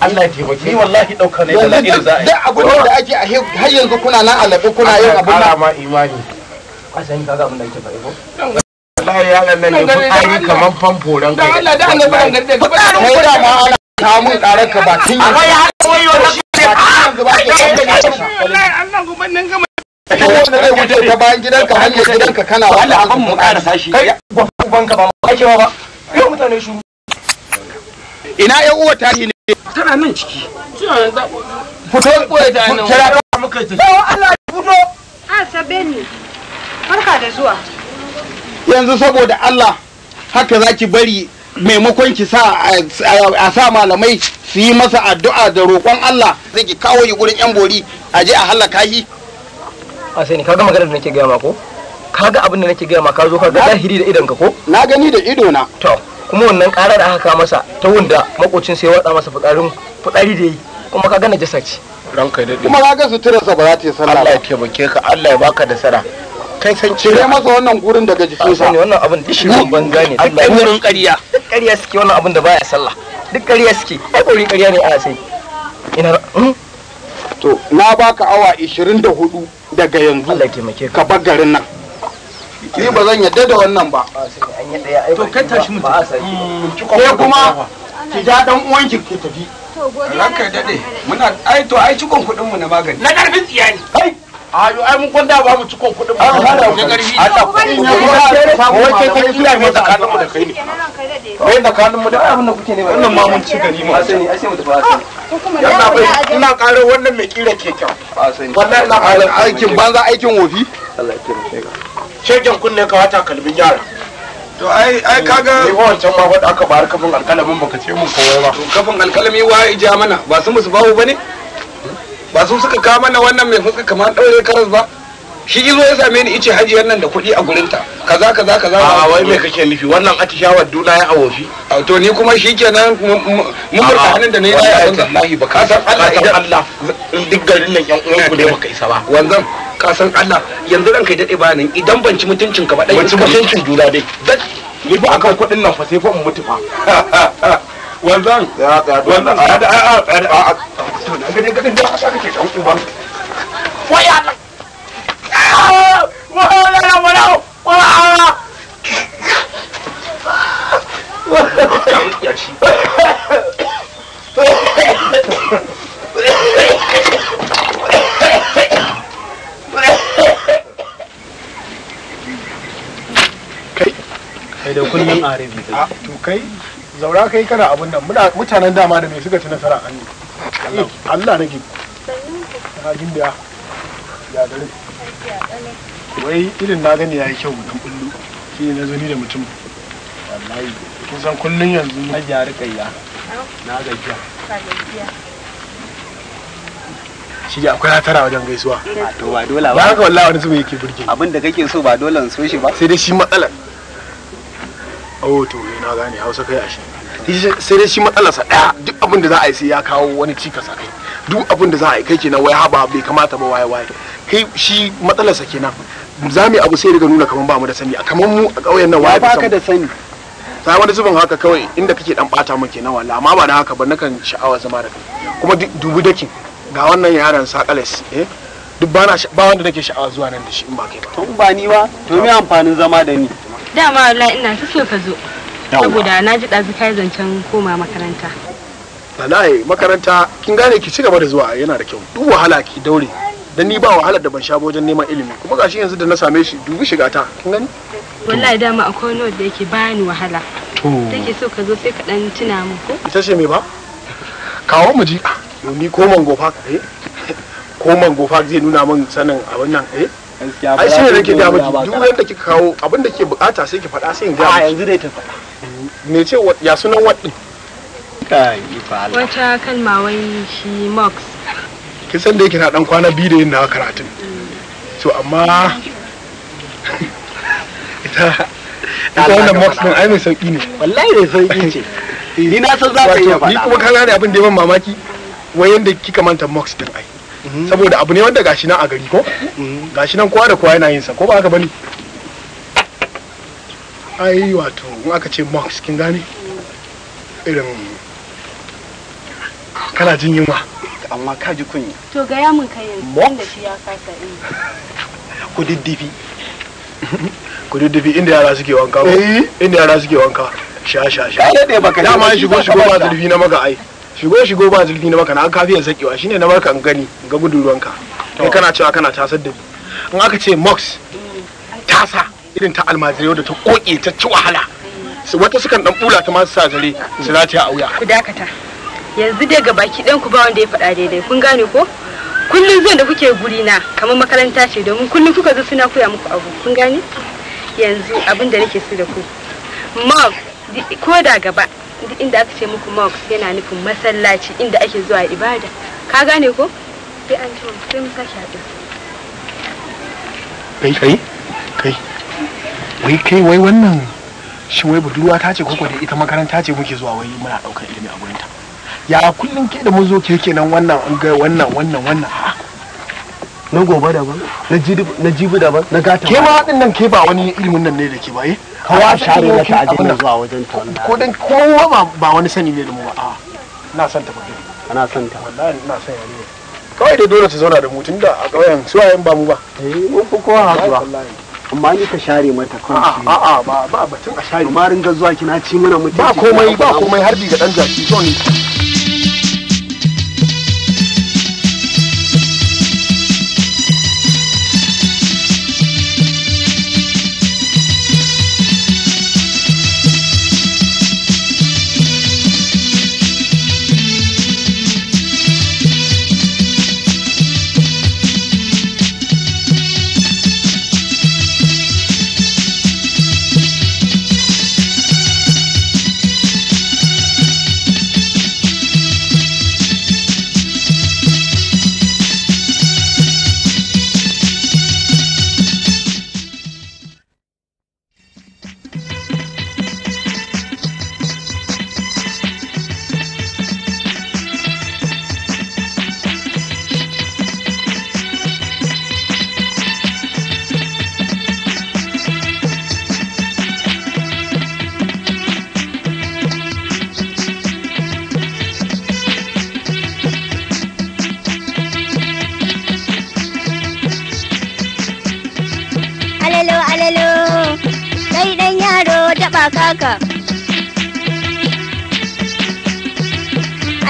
Allah ya taimake ni wallahi dauka ne da za a yi da da ake a har yanzu kuna nan kuna yin abin da ma imani ka san ya lalle ne kaman famfo kai da Allah da Allah da ma Allah ka mun ka ba tun yanzu ya Allah nan gama wanda zai ta bayan gidanka hanyar gidanka kana wani abin mu ba ba yau ina yan uwa tarihi ne tana nan ciki fito boye da nan kira da muka ta yawa Allah fito a sabe ni barka da zuwa yanzu saboda Allah haka zaki bari maimakon ki sa a sa malamai su yi masa addu'a da roƙon Allah zai ki kawo yi gurin yan bori a je a halaka shi a sai ni kaga maganar da nake gaya ma ko kaga abin da nake gaya ma ka zo ka ga zahiri da ka ko na gani da ido na to kuma wannan kara da aka kawo masa ta wanda makocin sai wada masa fitsarin fitsari da yi kuma ka gana jasa ce ranka ya kuma ka ga sa ba za ta yi sallah Allah ya taimake ka Allah ya baka da sara kai san ce ne masa wannan gurin daga jikin sa ne wannan abin dishi ban banza ne Allah ya gurin ƙarya ƙarya suke wannan abin da baya sallah duk ƙarya suke ai kori ƙarya ne a sai ina hmm? to na baka awa 24 daga yanzu Allah ya taimake ka ka bar garin nan ni ba zan yadda da wannan ba to kai tashi mu mm. ko kuma ki ja dan uwanki ki tafi ranka ya dade muna ai to ai cikon kuɗin mu na magani na karfin tsiya ne kai ayo ai mun kwanda ba mu cikon kuɗin mu na karfi Allah ko wace ta kira mu tsakanin mu da kai ne kai tsakanin mu da abin da kuke ne wannan ma mun ci gani mu a sani ai sai mu tafi oh, a sani yana bai ina ƙara wannan mai kira keken wallahi ina ƙara aikin banza aikin wofi Allah ya kira shi shegen kunne ka wata kalbin yara to ai ai kaga ni wancan ma wanda aka bar kafin alkalamin baka ce mun kowai ba to kafin alkalami wa ija mana ba su musu bawo bane ba su suka kawo mana wannan mai fuska kamar daure karas ba shi izo ya same ni ice haji nan da kuɗi a gurinta kaza kaza kaza a wai me kake nufi wannan atishawar duna ya awofi to ni kuma shi kenan mun murka hannun da na yi a banza ba ka san Allah idan Allah duk garin nan yan uwan ku ne baka isa ba wanzan ka san Allah yanzu ranka ya dade bayanin idan ban ci mutuncin ka ba dai ban mutuncin juna dai ni ba akan kuɗin nan fa sai fa mutu fa wanzan ya tsaya wannan a a a a a a a a a a a a a kullum a eh, rabi da to kai zaura kai kana abun nan mutanen dama da me suka ci nasara an ne eh, Allah nake hajin da ya dare wai irin na gani yayi kyau dan kullu shi ne nazo da mutum wallahi kun san kullun yanzu na jari kayya na gajiya shi akwai hatara wajen gaisuwa to ba dole ba haka wallahi wani su yake burge abin da kake so ba dole so shi ba sai dai shi matsalar oh to eh, na gane hausa kai ashe sai dai shi matsalarsa ɗaya duk abin da za a yi sai ya kawo wani cikas a kai duk abin da za a yi kai kenan waya haba bai kamata ba waya-waya kai shi matsalarsa kenan za mu abu sai daga nuna kamar ba mu da sani a kamar mu a ƙauyen nan ba ka da sani sai wani zubin haka kawai inda kake dan bata mu kenan walla amma ba na haka ba nakan sha'awa zama da kai kuma dubu dakin ga wannan yaron sakalas eh duk ba wanda nake sha'awa zuwa nan da shi in ba kai ba to ba ni ba to me amfanin zama da ni dama wallahi ina ta so ka zo saboda na ji ɗazu kai zancen koma makaranta wallahi makaranta kin gane ki cigaba da zuwa yana da kyau duk wahala ki daure dan ni ba wahalar da ban sha wajen neman ilimi kuma gashi yanzu da na same shi dubi shiga ta kin gani wallahi dama akwai wani da yake bani wahala to take so ka zo sai ka dan tuna mu ko ita ce me ba kawo mu ji ah, ni ko mangofa eh ko mangofa zai nuna min sanin abin nan eh ai shi ne nake ga miki duk yadda kika kawo abin da ke bukata sai ki faɗa sai in ga a yanzu dai ta faɗa me ce ya sunan waɗin wata kalma wai shi mox kin san da yake dan kwana biyu da yin na karatun mm. to amma ita ita wannan mox din ai mai sauki ne wallahi mai sauki ce ni na san za ta iya faɗa ni kuma kana ne abin da ya ban mamaki wai yanda kika manta mox din ai Mhm. saboda abu ne wanda gashi nan a gari ko mhm. gashi nan kowa da kowa yana yin sa ko ba haka bane ai wato in aka ce monks kin gane irin kana jin yunwa amma ka ji kunya to ga ya mun kai yanzu da shi ya kasa yi ku diddifi ku diddifi inda yara suke wanka eh? inda yara suke wanka sha sha sha dama shigo shigo ba zurfi na maka ai shigo shigo ba zurfi na baka na kafiyan sakewa shine na baka in gani ga gudun ruwanka kai kana cewa kana tasar da in aka ce mox tasa irin ta almajirai da ta koke ta ci wahala wata sukan dan bula ta masu zare su lati a wuya ku dakata yanzu dai ga baki dan ku ba wanda ya faɗa daidai kun gane ko kullum zuwan da kuke guri na kamar makaranta ce domin kullum kuka zo suna koya muku abu kun gane yanzu abin da nake so da ku mox ko da gaba inda aka ce muku mosque yana nufin masallaci inda ake zuwa ibada ka gane ko sai an ce sai mu sake haɗu kai kai kai wai kai wai wannan shi wai budurwa ta ce koko da ita makaranta ce muke zuwa wai muna ɗaukar ilimi a gurinta ya kullum ke da mu zo ke kenan wannan wannan wannan wannan na gobe daban na jibi daban na gata ke ma din nan ke ba wani ilimin nan ne da ke baye eh? kawai share na ta ajin zuwa wajen ta ko dan kowa ba wani sani ne da mu ba a ina son ta fadi ana son ta wallahi ina son yare kawai da dole ta zauna da mu tunda a ƙauyen su wayan ba mu ba eh mun fi kowa hazuwa amma ni ka share mata kan shi a'a ba ba batun a share amma ringa zuwa kina ci mana mutunci ba komai ba komai har bi ga dan jaki to ne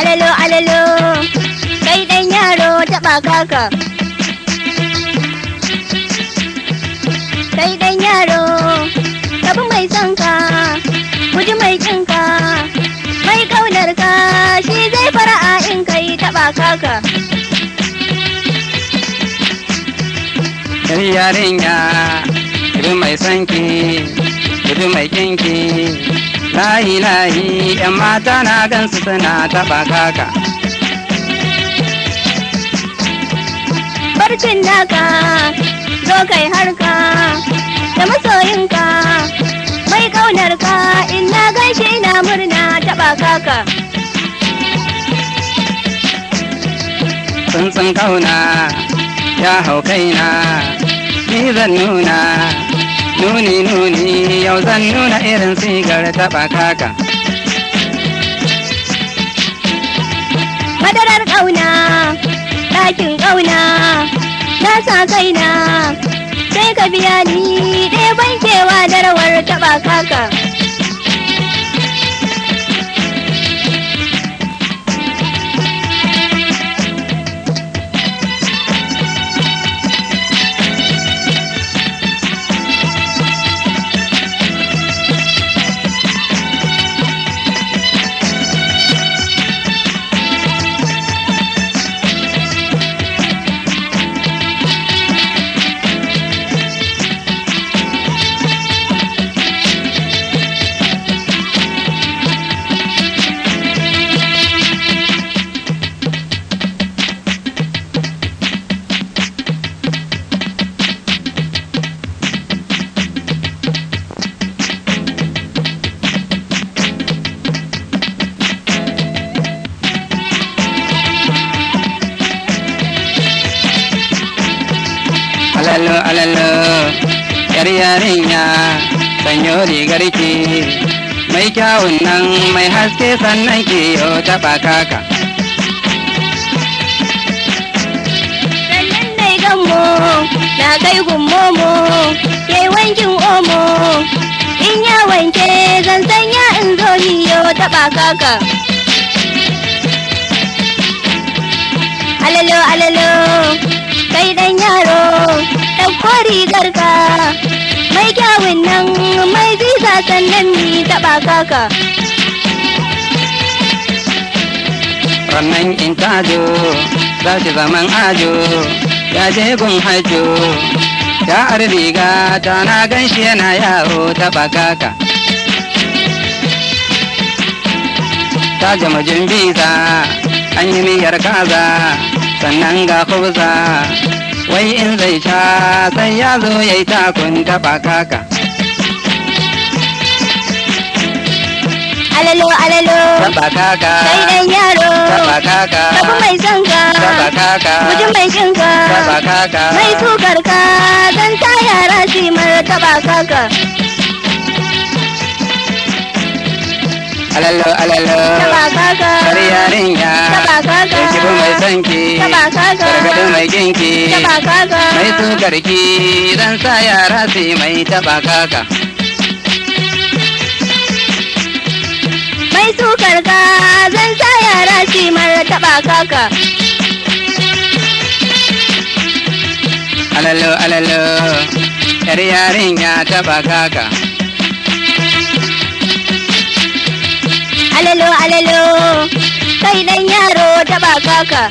alalo alalo kai dan yaro taba kaka kai dan yaro kabu mai son ka guji mai kin ka mai kaunar ka shi zai fara'a in kai taba kaka kai yarinya guji mai son ki guji mai kinki lahi layi yan mata na gansu suna taba kaka barcin daka zo kai harka da masoyinka mai kaunarka in na gaishe na murna taba kaka tsuntsun kauna ya hau kaina ni zan nuna nuni nuni yau zan nuna irin sigar taɓa kaka. Madarar ƙauna, ɗakin ƙauna, na sa kaina, sai ka biya ni ɗaya bankewa da rawar taɓa kaka. yori rigarki mai kyawun nan mai haske sannan ke ta taɓa ka. sannan dai gammo na kai gummomo ke wankin omo in ya wanke zan sanya in zo ni yau ta kaka alalo alalo kai dan yaro ɗauko rigar ka mai kyawun nan mai ziza sannan ni taba kaka rannan in ta tajo za ta zaman ajo ya je gun hajo ta arbiga ta na gan shi yana yaro ta kaka ta jama jin biza an yi miyar kaza sannan ga kubza wai in zai sha zai ya zo ya yi takun taba kaka alalo alalo taba kaka sai ɗan yaro taba kaka tabu mai son ka taba kaka mutum mai shin ka taba kaka mai tukar ka dan ta yara shi mar taba kaka alalo alalo taba kaka ya, taba kaka ki mai son ki taba kaka jinki mai tsugarki zan sa yara su mai taba kaka mai tsukar ka zan sa yara su mara taba kaka alalo alalo yar yarin ya taba kaka alalo alalo kai dan yaro taba kaka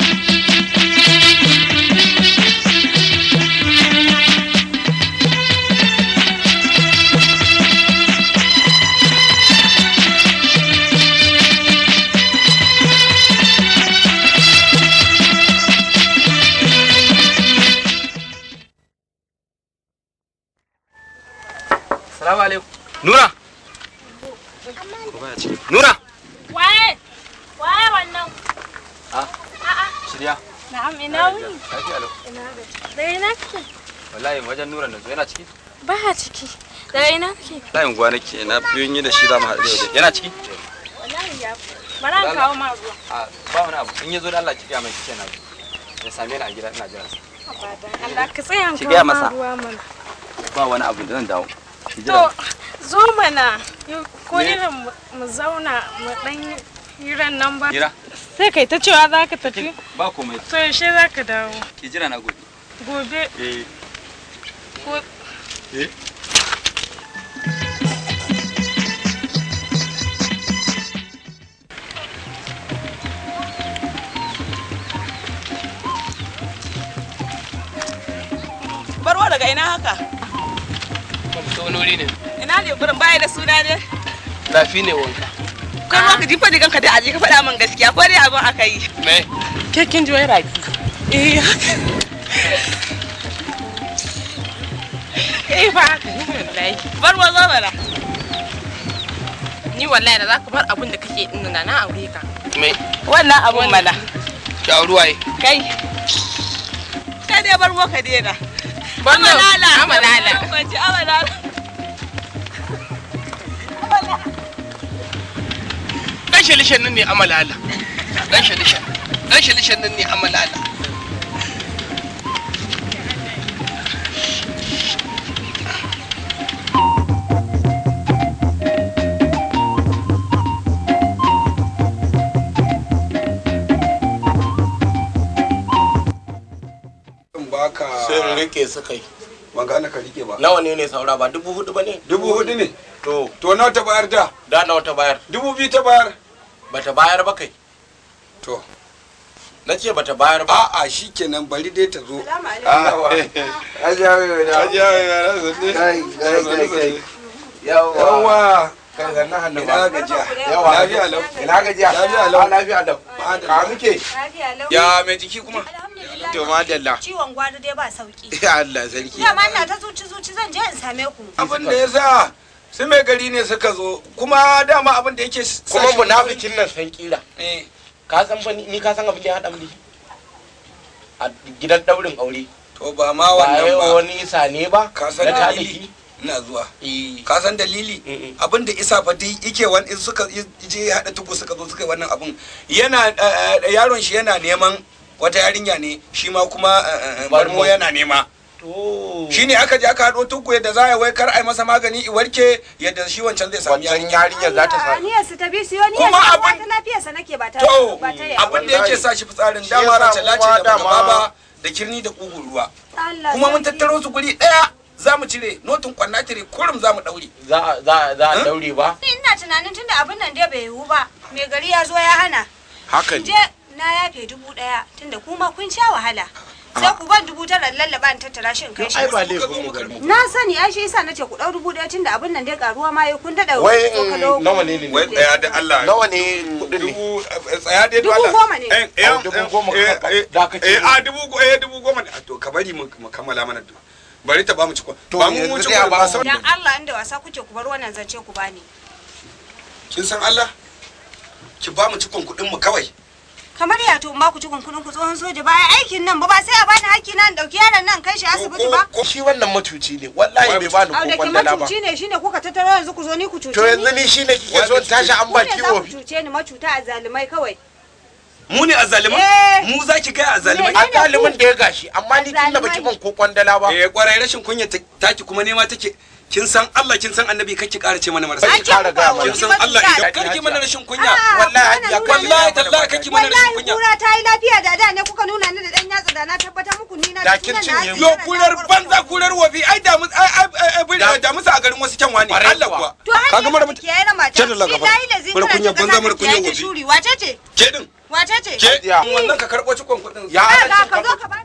Salamu alaikum. Nura. Nura. Waye? Waye wannan? Ah, A'a. Shirya. Na'am ina wuni. Kaji alo. Ina ga. Da ina kike? Wallahi wajen Nura nan yana ciki? Ba ciki. Da ina kike? Layin gwa nake yi da shi haɗu Yana ciki? Wallahi ya fi. Bara an kawo ma A ba wani abu. In ya zo da Allah mai kike na. Ya same ni a gida ina jira. Allah ka tsaya an kawo ma ruwa mana. Ba wani abu da zan dawo. To, zo mana, ko irin mu zauna mu dan hiran nan ba. Hira? Sai kai ta cewa za ka tafi? Ba komai. To, yaushe za ka dawo? Ki jira na gobe. Gobe? Eh? eh. Barwa daga ina haka? ta wani ne ina ne gurin baya da suna ne rafi ne wanka kai ma ka jifa digan ka da aje ka faɗa min gaskiya ko dai abin aka yi me ke kin ji wai rafi eh eh ba haka ne wallahi bar wazo bara ni wallahi da zaka bar abun da kake din na na aure ka me wannan abun mana ki auruwaye kai kai dai bar ka daina amalala amalala kwanci amalala dan shalishan nan ne amalala dan shalishan dan shalishan nan ne amalala rike su kai ban gane ka rike ba nawa ne ne saura ba dubu hudu ba ne dubu hudu ne to to nawa ta bayar da da nawa ta bayar dubu biyu ta bayar ba ta bayar ba kai to na ce ta bayar ba a'a shikenan bari dai ta zo ajiya ajiya yawa kan zanna hannu ba gajiya yawa lafiya lau ina gajiya lafiya lau ah, lafiya lau ka muke ya mai jiki kuma to madalla ciwon gwado dai ba sauki ya Allah sarki ya manna ta zuci zuci zan je in same ku abin da yasa su mai gari ne suka zo kuma dama abin da yake kuma munafikin nan san kira eh. ka san fa ni ka san abin da ya hada mu a gidan daurin aure to ba ma wannan ba wani sane ba ka san dalili ina zuwa eh. ka san dalili abin da isa fa dai yake wani suka je hada tugu suka zo suka yi wannan abin yana eh, eh, yaron shi yana neman wata yarinya ne shi ma kuma marmo yana nema shi ne aka je aka haɗo tuku yadda za a wai kar a yi masa magani i warke yadda shi wancan zai sami yarinya yarinya za ta sami su su kuma abin ta lafiyar sa nake ba ta to abin da yake sa shi fitsarin dama race lace da baba da kirni da kugun ruwa kuma mun tattaro su guri daya za mu cire notin kwanna tire kurum za mu daure za za za daure ba ina tunanin tunda abin nan dai bai yiwu ba me gari ya zo ya hana haka je na yafe dubu daya tunda kuma kun sha wahala sai ku ban dubu tara lallaba in tattara shin kai shi ai ba na sani ai shi yasa nace ku dau dubu daya tunda abin nan dai karuwa ma ya kun dada wai nawa ne ne wai tsaya da Allah nawa ne kudin ne dubu eh, tsaya da Allah dubu goma ne eh, eh dubu goma eh a eh, ah, dubu eh dubu goma ne to ka bari mu kammala mana dubu bari ta bamu cikon ba mu mun cikon ba sa dan Allah inda wasa kuke ku bar wannan zance ku bani kin san Allah ki bamu cikon kudin mu kawai kamar ya to ba ku cikon kudin ku tsohon soja ba aikin nan ba ba sai a bani hakki nan dauki yaron nan kai shi asibiti ba ko shi wannan matuci ne wallahi bai bani ko kwanda ba matuci ne shine kuka tattaro yanzu ku zo ni ku cuce to yanzu ni shine kike zo tashi an ba kiwo ku cuce ni macuta a zalimai kawai mu ne azaliman eh. mu za ki kai azaliman a azaliman da ya gashi amma ni tunda baki ban ko kwandala ba eh kwarai rashin kunya taki kuma nema take kin san Allah kin san Annabi kake ƙara ce mana marasa kake ƙara ga mana kin san Allah idan kake mana rashin kunya ah, wallahi hajiya wallahi tallahi kake mana rashin kunya wallahi ta yi lafiya da da ne kuka nuna ni da dan yatsa da na tabbata muku ni na da kin cinye yo kurar banza kurar wabi ai da mu da mu a garin wasu kyanwa ne Allah kuwa kaga mara mutum ke yana mata shi dai da zin kunya banza mara kunya wabi ke din wace ce ke wannan ka karɓo cikon kuɗin ya eh, ka zo ka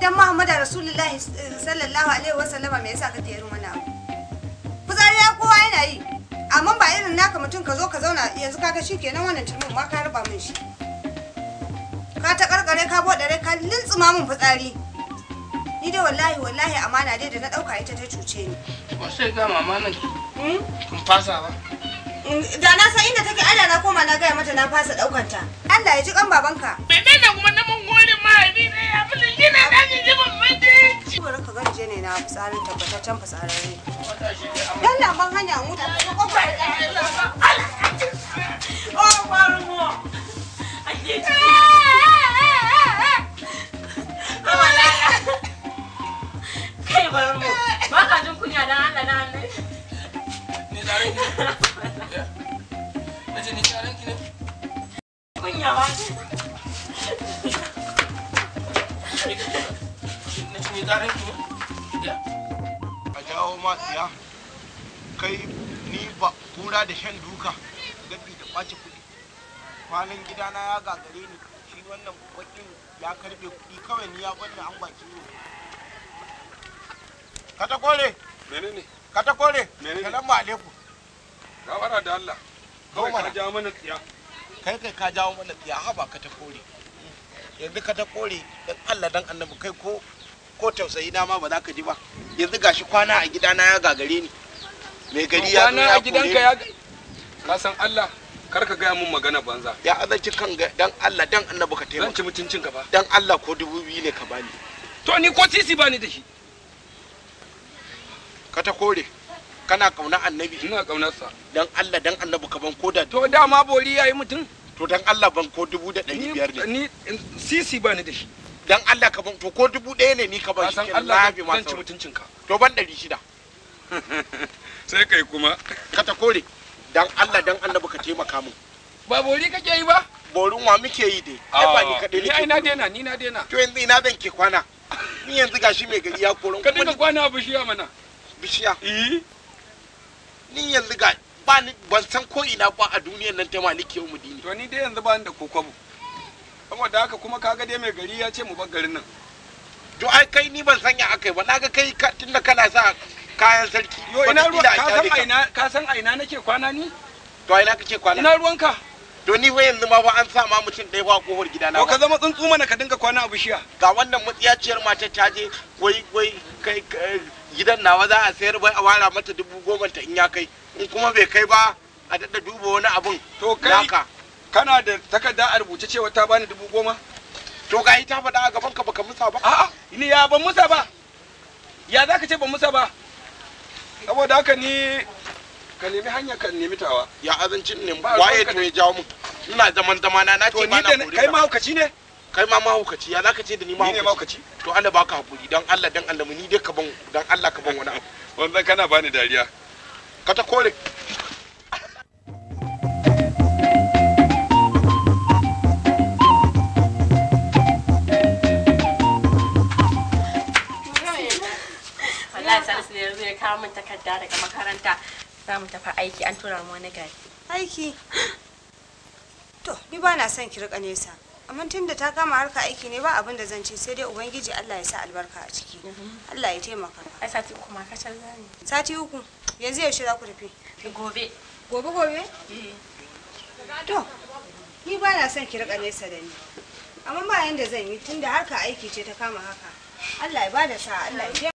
Idan Muhammadu Rasulullahi sallallahu alaihi wasallama me yasa kake irin mana abu Kuzari ya kowa yana yi amma ba irin naka mutum ka zo ka zauna yanzu kaga shikenan wannan turmin ma ka raba min shi ka ta karkare ka dare ka lintsuma min fitsari ni dai wallahi wallahi amana dai da na dauka ita ta cuce ni sai ga mama nan hmm? kun fasa ba da na san inda take Allah na koma na gaya mata na fasa daukanta Allah ya ji kan babanka menene kuma na mun gode mahaifi ne ya fi fitsarin tabbataccen fitsararre. Dalla ban hanya mutu ko kofar Oh, Marumo! Ake ciki. Kai Marumo, ba ka jin kunya don Allah na Ni banza da shan duka gabi da ɓaci kuɗi kwanan gidana ya gagare ni shi wannan bakin ya karɓe kuɗi kawai ni ya banna an baki ne kata kore menene kata kore menene salamu alaikum gawara da Allah kawai ka jawo mana tsiya kai kai ka jawo mana tsiya haba kata kore yanzu kata kore dan Allah dan annabi kai ko ko tausayi na ma ba za ka ji ba yanzu gashi kwana a gidana ya gagare ni mai gari ya zo ya gidanka ka san Allah kar ka gaya mun magana banza ya azanci kan dan Allah dan annabi ka taimaka zan ci mutuncin ka ba dan Allah ko dubu biyu ne ka bani to ni ko sisi bani da shi ka ta kore kana kauna annabi ina kaunar sa dan Allah dan annabi ka ban koda to dama bori yayi mutum to dan Allah ban ko dubu da ɗari biyar ne ni sisi bani da shi dan Allah ka ban to ko dubu ɗaya ne ni ka ban shi ke na ma Allah zan ci mutuncin ka to ban ɗari shida sai kai kuma ka ta kore dan Allah dan annabi ka taimaka mu ba bori kake yi ba borin wa muke yi dai ai ba ni ah. kadai ni ai na dena ni na dena to yanzu ina ban ki kwana ni yanzu gashi mai gari ya koron ka dinga kwana bishiya mana bishiya eh ni yanzu ga ba ni ban san ko ina ba a duniyar nan ta maliki yau mudini to ni dai yanzu ba ni da kokobo saboda haka kuma kaga dai mai gari ya ce mu bar garin nan to ai kai ni ban sanya akai ba naga kai tunda kana sa kayan sarki yo ina ruwa ka san aina ka san aina nake kwana ni to ina kake kwana ina ka to ni wai yanzu ma ba an sa ma mutum dai ba kofar gida na ka zama tsuntsu mana ka dinga kwana a bishiya ga wannan mutsiyaciyar mata ta je wai wai kai gidan nawa za a sayar bai a wara mata dubu goma ta in ya kai in kuma bai kai ba a daɗa duba wani abun to kai kana da takarda a rubuce cewa ta bani dubu goma to ga ita faɗa a gaban ka baka musa ba a'a ni ya ban musa ba ya zaka ce ban musa ba saboda haka ni ka nemi hanya ka nemi tawa ya azancin ne waye to ya jawo mu ina zaman zama na nace ba na kai ma hukaci ne kai ma mahaukaci ya zaka ce da ni mahaukaci to Allah baka hakuri dan Allah dan Allah mu ni dai ka ban dan Allah ka ban wani abu wannan kana bani dariya ka ta kore wallahi salisu ne yanzu ya kawo min takarda daga makaranta za mu tafi aiki an tura mu wani gari aiki to ni ba na son ki rika nesa amma tun da ta kama harka aiki ne ba abin da zan ce sai dai ubangiji Allah ya sa albarka a ciki mhm. Allah ya taimaka ai sati uku ma kacal zani sati uku yanzu yaushe za ku tafi gobe gobe gobe eh. to ni ba na son ki rika nesa da ni amma ba yanda zan yi tun da harka aiki ce ta kama haka Allah ya bada sa Allah ya